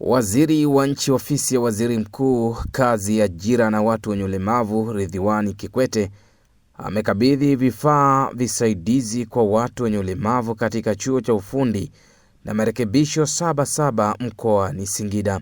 Waziri wa Nchi Ofisi ya Waziri Mkuu, Kazi, ya Ajira na Watu wenye Ulemavu, Ridhiwani Kikwete amekabidhi vifaa visaidizi kwa watu wenye ulemavu katika Chuo cha Ufundi na Marekebisho Sabasaba mkoani Singida.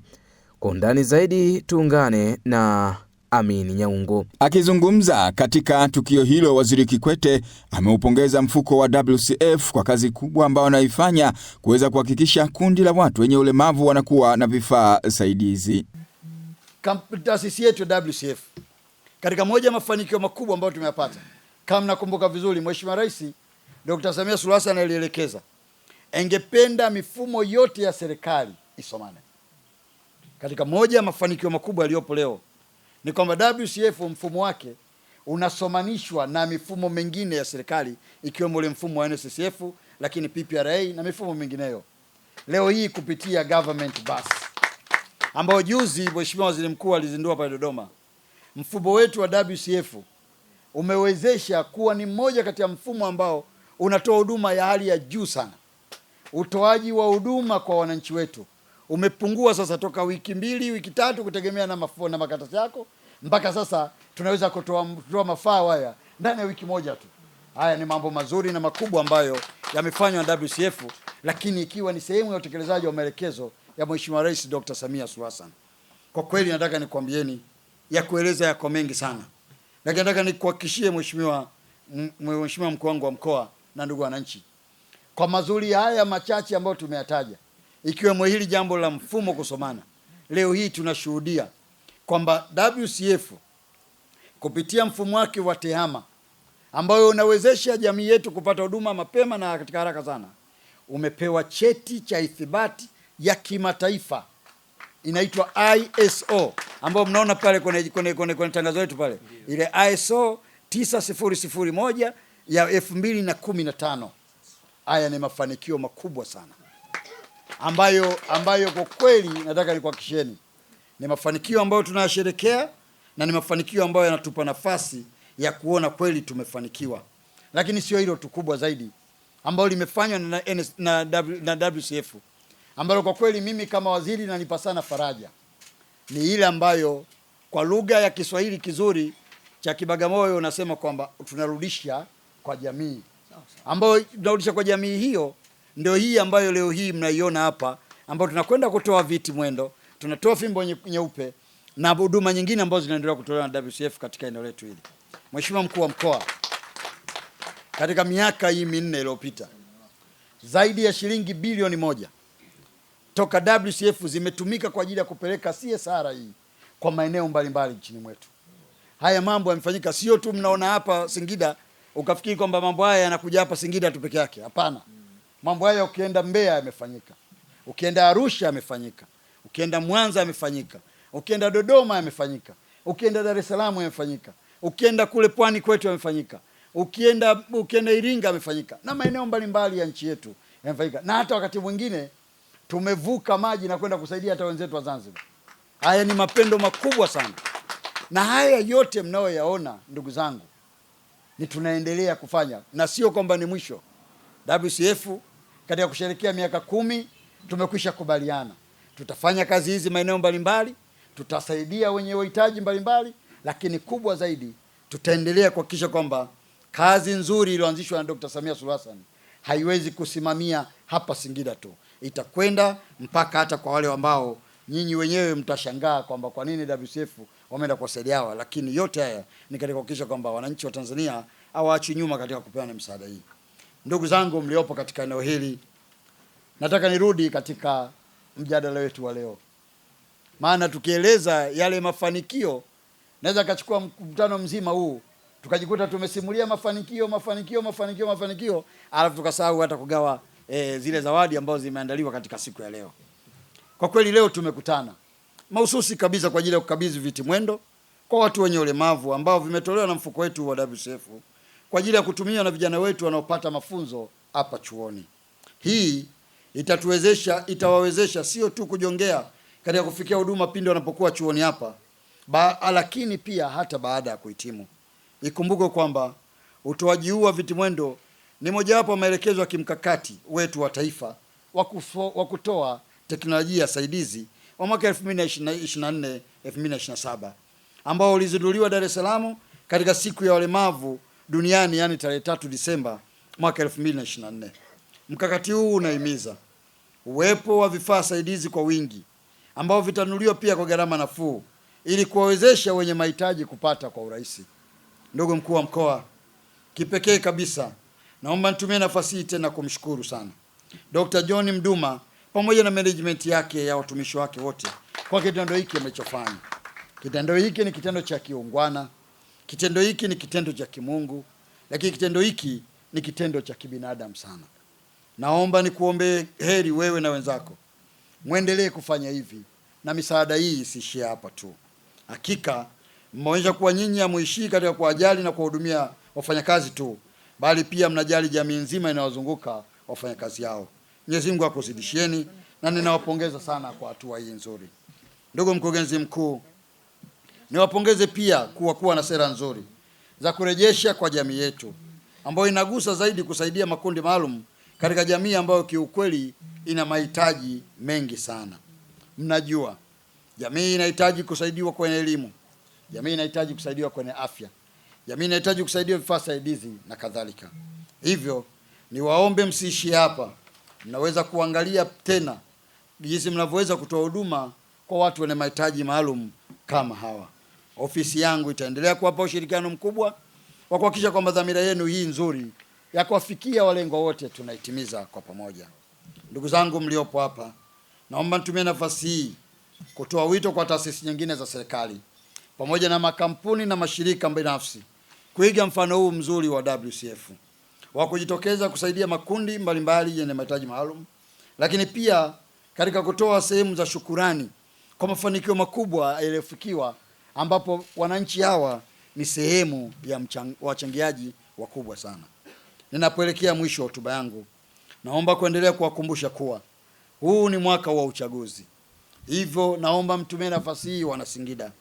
Kwa undani zaidi tuungane na Amin Nyaungo. Akizungumza katika tukio hilo, Waziri Kikwete ameupongeza mfuko wa WCF kwa kazi kubwa ambayo wanaifanya kuweza kuhakikisha kundi la watu wenye ulemavu wanakuwa na vifaa saidizi. Taasisi yetu ya WCF katika moja ya mafanikio makubwa ambayo tumeyapata, kama mnakumbuka vizuri, Mheshimiwa Rais Dr. Samia Suluhu Hassan alielekeza angependa mifumo yote ya serikali isomane. Katika moja ya mafanikio makubwa yaliyopo leo ni kwamba WCF mfumo wake unasomanishwa na mifumo mingine ya serikali ikiwemo ule mfumo wa NSSF, lakini PPRA na mifumo mingineyo, leo hii kupitia government bus ambayo juzi Mheshimiwa Waziri Mkuu alizindua pale Dodoma. Mfumo wetu wa WCF umewezesha kuwa ni mmoja kati ya mfumo ambao unatoa huduma ya hali ya juu sana, utoaji wa huduma kwa wananchi wetu umepungua sasa toka wiki mbili wiki tatu, kutegemea na mafua na makatasi yako. Mpaka sasa tunaweza kutoa kutoa mafao haya ndani ya wiki moja tu. Haya ni mambo mazuri na makubwa ambayo yamefanywa na WCF, lakini ikiwa ni sehemu ya utekelezaji wa maelekezo ya Mheshimiwa Rais Dr. Samia Suluhu Hassan. Kwa kweli nataka nikwambieni, ya kueleza yako mengi sana, lakini nataka nikuhakikishie Mheshimiwa Mheshimiwa mkuu wangu wa mkoa na ndugu wananchi, kwa mazuri haya machache ambayo tumeyataja ikiwemo hili jambo la mfumo kusomana. Leo hii tunashuhudia kwamba WCF kupitia mfumo wake wa TEHAMA ambayo unawezesha jamii yetu kupata huduma mapema na katika haraka sana, umepewa cheti cha ithibati ya kimataifa inaitwa ISO ambayo mnaona pale kwenye tangazo letu pale, ile ISO 9001 ya 2015. Haya ni mafanikio makubwa sana ambayo, ambayo kwa kweli nataka nikuhakikisheni ni mafanikio ambayo tunayasherekea na ni mafanikio ambayo yanatupa nafasi ya kuona kweli tumefanikiwa. Lakini sio hilo tu, kubwa zaidi ambalo limefanywa na, na, na WCF ambalo kwa kweli mimi kama waziri nanipa sana faraja ni ile ambayo kwa lugha ya Kiswahili kizuri cha Kibagamoyo unasema kwamba tunarudisha kwa jamii, ambayo tunarudisha kwa jamii hiyo ndio hii ambayo leo hii mnaiona hapa, ambayo tunakwenda kutoa viti mwendo, tunatoa fimbo nyeupe na huduma nyingine ambazo zinaendelea kutolewa na WCF katika eneo letu hili. Mheshimiwa Mkuu wa Mkoa, katika miaka hii minne iliyopita zaidi ya shilingi bilioni moja toka WCF zimetumika kwa ajili ya kupeleka CSR hii kwa maeneo mbalimbali nchini mwetu. Haya mambo yamefanyika, sio tu mnaona hapa Singida ukafikiri kwamba mambo haya yanakuja hapa Singida tu peke yake. Hapana. Mambo haya ukienda Mbeya yamefanyika, ukienda Arusha yamefanyika, ukienda Mwanza yamefanyika, ukienda Dodoma yamefanyika, ukienda Dar es Salaam yamefanyika, ukienda kule pwani kwetu yamefanyika, ukienda ukienda Iringa yamefanyika, na maeneo mbalimbali ya nchi yetu yamefanyika, na hata wakati mwingine tumevuka maji na kwenda kusaidia hata wenzetu wa Zanzibar. Haya ni mapendo makubwa sana, na haya yote mnayoyaona, ndugu zangu, ni tunaendelea kufanya na sio kwamba ni mwisho. WCF katika kusherehekea miaka kumi tumekwisha kubaliana, tutafanya kazi hizi maeneo mbalimbali, tutasaidia wenye uhitaji mbalimbali, lakini kubwa zaidi tutaendelea kuhakikisha kwamba kazi nzuri iliyoanzishwa na Dr. Samia Suluhu Hassan haiwezi kusimamia hapa Singida tu, itakwenda mpaka hata kwa wale ambao nyinyi wenyewe mtashangaa kwamba kwa nini WCF wameenda kuwasaidia hawa, lakini yote haya ni katika kuhakikisha kwamba wananchi wa Tanzania hawaachi nyuma katika kupewa na misaada hii. Ndugu zangu mliopo katika eneo hili, nataka nirudi katika mjadala wetu wa leo, maana tukieleza yale mafanikio naweza kachukua mkutano mzima huu tukajikuta tumesimulia mafanikio mafanikio mafanikio mafanikio, alafu tukasahau hata kugawa e, zile zawadi ambazo zimeandaliwa katika siku ya leo. Kwa kweli leo tumekutana mahususi kabisa kwa ajili ya kukabidhi viti mwendo kwa watu wenye ulemavu ambao vimetolewa na mfuko wetu wa WCF kwa ajili ya kutumia na vijana wetu wanaopata mafunzo hapa chuoni. Hii itatuwezesha itawawezesha sio tu kujongea katika kufikia huduma pindi wanapokuwa chuoni hapa ba, lakini pia hata baada ya kuhitimu. Ikumbukwe kwamba utoaji huu wa vitimwendo ni mojawapo wa maelekezo ya kimkakati wetu wa taifa wa kutoa teknolojia saidizi wa mwaka 2024 2027 ambao ulizinduliwa Dar es Salaam katika siku ya walemavu duniani, yani tarehe tatu Disemba mwaka 2024. Mkakati huu unahimiza uwepo wa vifaa saidizi kwa wingi ambao vitanuliwa pia kwa gharama nafuu ili kuwawezesha wenye mahitaji kupata kwa urahisi. Ndugu mkuu wa mkoa, kipekee kabisa naomba nitumie nafasi hii tena kumshukuru sana Dr. John Mduma pamoja na management yake ya watumishi wake wote kwa kitendo hiki amechofanya. Kitendo hiki ni kitendo cha kiungwana. Kitendo hiki ni kitendo cha kimungu, lakini kitendo hiki ni kitendo cha kibinadamu sana. Naomba nikuombee heri wewe na wenzako, mwendelee kufanya hivi na misaada hii isiishie hapa tu. Hakika mmeonyesha kuwa nyinyi hamuishii katika kuwajali na kuwahudumia wafanyakazi tu, bali pia mnajali jamii nzima inayozunguka wafanyakazi hao. Mwenyezi Mungu akuzidishieni, na ninawapongeza sana kwa hatua hii nzuri. Ndugu mkurugenzi mkuu Niwapongeze pia kuwa kuwa na sera nzuri za kurejesha kwa jamii yetu ambayo inagusa zaidi kusaidia makundi maalum katika jamii ambayo kiukweli ina mahitaji mengi sana. Mnajua jamii inahitaji kusaidiwa kwenye elimu, jamii inahitaji kusaidiwa kwenye afya, jamii inahitaji kusaidiwa vifaa saidizi na kadhalika. Hivyo niwaombe msiishi hapa, mnaweza kuangalia tena jinsi mnavyoweza kutoa huduma kwa watu wenye mahitaji maalum kama hawa. Ofisi yangu itaendelea kuwapa ushirikiano mkubwa wa kuhakikisha kwamba dhamira yenu hii nzuri ya kuwafikia walengo wote tunaitimiza kwa pamoja. Ndugu zangu mliopo hapa, naomba nitumie nafasi hii kutoa wito kwa taasisi nyingine za serikali pamoja na makampuni na mashirika binafsi kuiga mfano huu mzuri wa WCF wa kujitokeza kusaidia makundi mbalimbali yenye mahitaji maalum, lakini pia katika kutoa sehemu za shukurani kwa mafanikio makubwa yaliyofikiwa ambapo wananchi hawa ni sehemu ya wachangiaji wakubwa sana. Ninapoelekea mwisho wa hotuba yangu, naomba kuendelea kuwakumbusha kuwa huu ni mwaka wa uchaguzi, hivyo naomba mtumie nafasi hii, wana Singida,